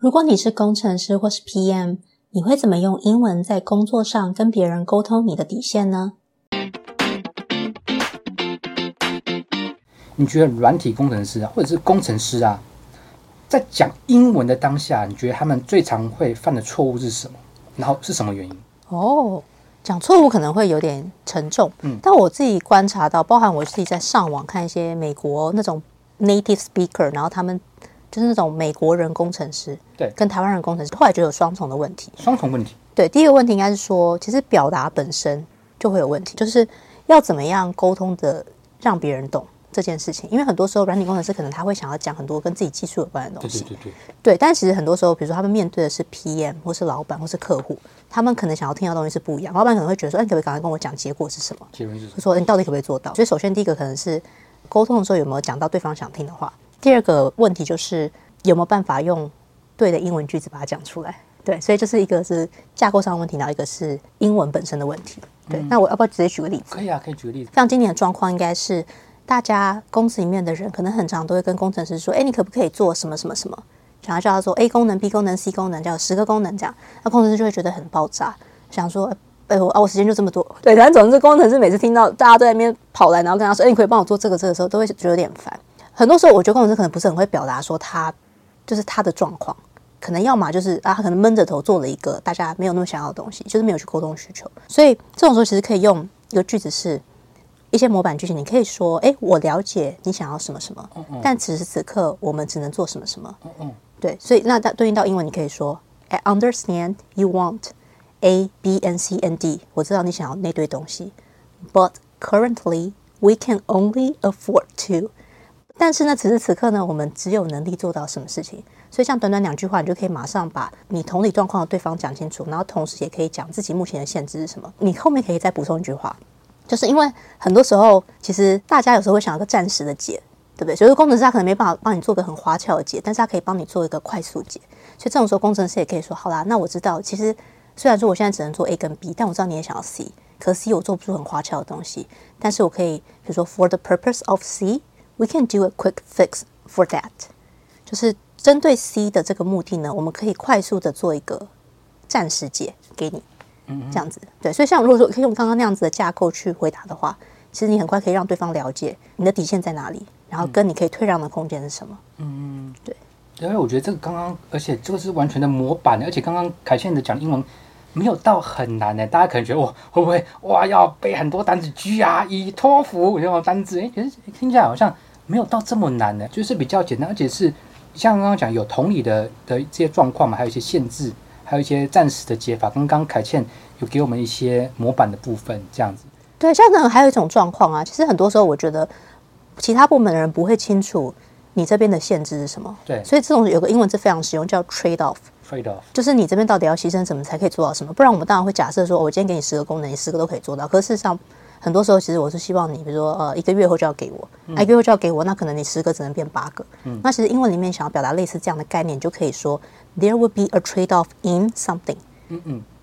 如果你是工程師或是 PM，你會怎麼用英文在工作上跟別人溝通你的底線呢？你覺得軟體工程師啊，或者是工程師啊，在講英文的當下，你覺得他們最常會犯的錯誤是什麼？然後是什麼原因？哦，講錯誤可能會有點沉重。嗯，但我自己觀察到，包含我自己在上網看一些美國那種 native speaker，然後他們。就是那種美國人工程師，對，跟台灣人工程師，後來就有雙重的問題。雙重問題，對。第一個問題應該是說，其實表達本身就會有問題，就是要怎麼樣溝通的讓別人懂這件事情。因為很多時候，軟體工程師可能他會想要講很多跟自己技術有關的東西。對對對對，對，對。但其實很多時候，比如說他們面對的是 PM 或是老闆或是客戶，他們可能想要聽到東西是不一樣。老闆可能會覺得說，啊，你可不可以趕快跟我講結果是什麼？結果是什麼？就說你到底可不可以做到？所以首先第一個可能是溝通的時候有沒有講到對方想聽的話。第二個問題就是有沒有辦法用對的英文句子把它講出來？對，所以這是一個是架構上的問題，然後一個是英文本身的問題。對、嗯，那我要不要直接舉個例子？可以啊，可以舉個例子。像今年的狀況，應該是大家公司裡面的人可能很常都會跟工程師說：“哎，你可不可以做什麼什麼什麼？”想要叫他做 A 功能、B 功能、C 功能，叫十個功能這樣，那工程師就會覺得很爆炸，想說：“哎，我啊，我時間就這麼多。”對，但總之，工程師每次聽到大家都在那邊跑來，然後跟他說：“哎，你可不可以幫我做這個這個的時候，都會覺得有點煩。”很多時候，我覺得工程師可能不是很會表達，說他就是他的狀況，可能要麼就是啊，他可能悶着頭做了一個大家沒有那麼想要的東西，就是沒有去溝通需求。所以這種時候其實可以用一個句子，是一些模板句型。你可以說：“哎、欸，我了解你想要什麼什麼，嗯嗯，但此時此刻我們只能做什麼什麼。嗯嗯”對。所以那對應到英文，你可以說：“I understand you want A, B, and C and D。我知道你想要那堆東西，but currently we can only afford to。”但是呢，此時此刻呢，我們只有能力做到什麼事情？所以像短短兩句話，你就可以馬上把你同理狀況的對方講清楚，然後同時也可以講自己目前的限制是什麼。你後面可以再補充一句話，就是因為很多時候，其實大家有時候會想要個暫時的解，對不對？所以工程師他可能沒辦法幫你做個很花俏的解，但是他可以幫你做一個快速解。所以這種時候，工程師也可以說：好啦，那我知道，其實雖然說我現在只能做 A 跟 B，但我知道你也想要 C，可是 C 我做不出很花俏的東西，但是我可以，比如說，for the purpose of C。We can do a quick fix for that，就是針對 C 的這個目的呢，我們可以快速的做一個暫時解給你，嗯，這樣子。對，所以像如果說可以用剛剛那樣子的架構去回答的話，其實你很快可以讓對方了解你的底線在哪裡，然後跟你可以退讓的空間是什麼。嗯，對。因為我覺得這個剛剛，而且這個是完全的模板，而且剛剛凱茜的講英文沒有到很難呢，大家可能覺得我會不會哇要背很多單詞 GRE 托福，這些單詞哎，其實聽起來好像。沒有到這麼難的、欸，就是比較簡單，而且是像剛剛講有同理的的這些狀況嘛，還有一些限制，還有一些暫時的解法，剛剛凱茜有給我們一些模板的部分，這樣子。對，像這樣還有一種狀況啊，其實很多時候我覺得其他部門的人不會清楚你這邊的限制是什麼。對，所以這種有個英文字非常實用，叫 trade off。trade off 就是你這邊到底要犧牲什麼才可以做到什麼？不然我們當然會假設說、哦、我今天給你十個功能，你十個都可以做到。可是事實上。很多時候，其實我是希望你，比如說，呃，一個月後就要給我、嗯，一個月後就要給我，那可能你十個只能變八個。嗯、那其實英文裡面想要表達類似這樣的概念，就可以說，there will be a trade off in something 嗯嗯。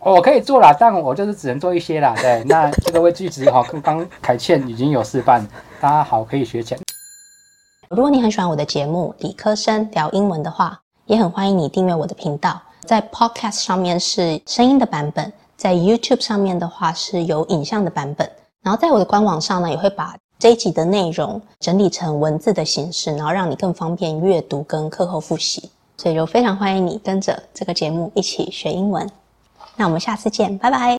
哦、我可以做啦，但我就是只能做一些啦。對，那這個句子齁，剛剛凱茜已經有示範，大家好可以學起來。如果你很喜歡我的節目《理科生聊英文》的話，也很歡迎你訂閱我的頻道。在 Podcast 上面是聲音的版本，在 YouTube 上面的話是有影像的版本。然後在我的官網上呢，也會把這一集的內容整理成文字的形式，然後讓你更方便閱讀跟課後複習。所以，我非常歡迎你跟着這個節目一起學英文。那我們下次見，拜拜。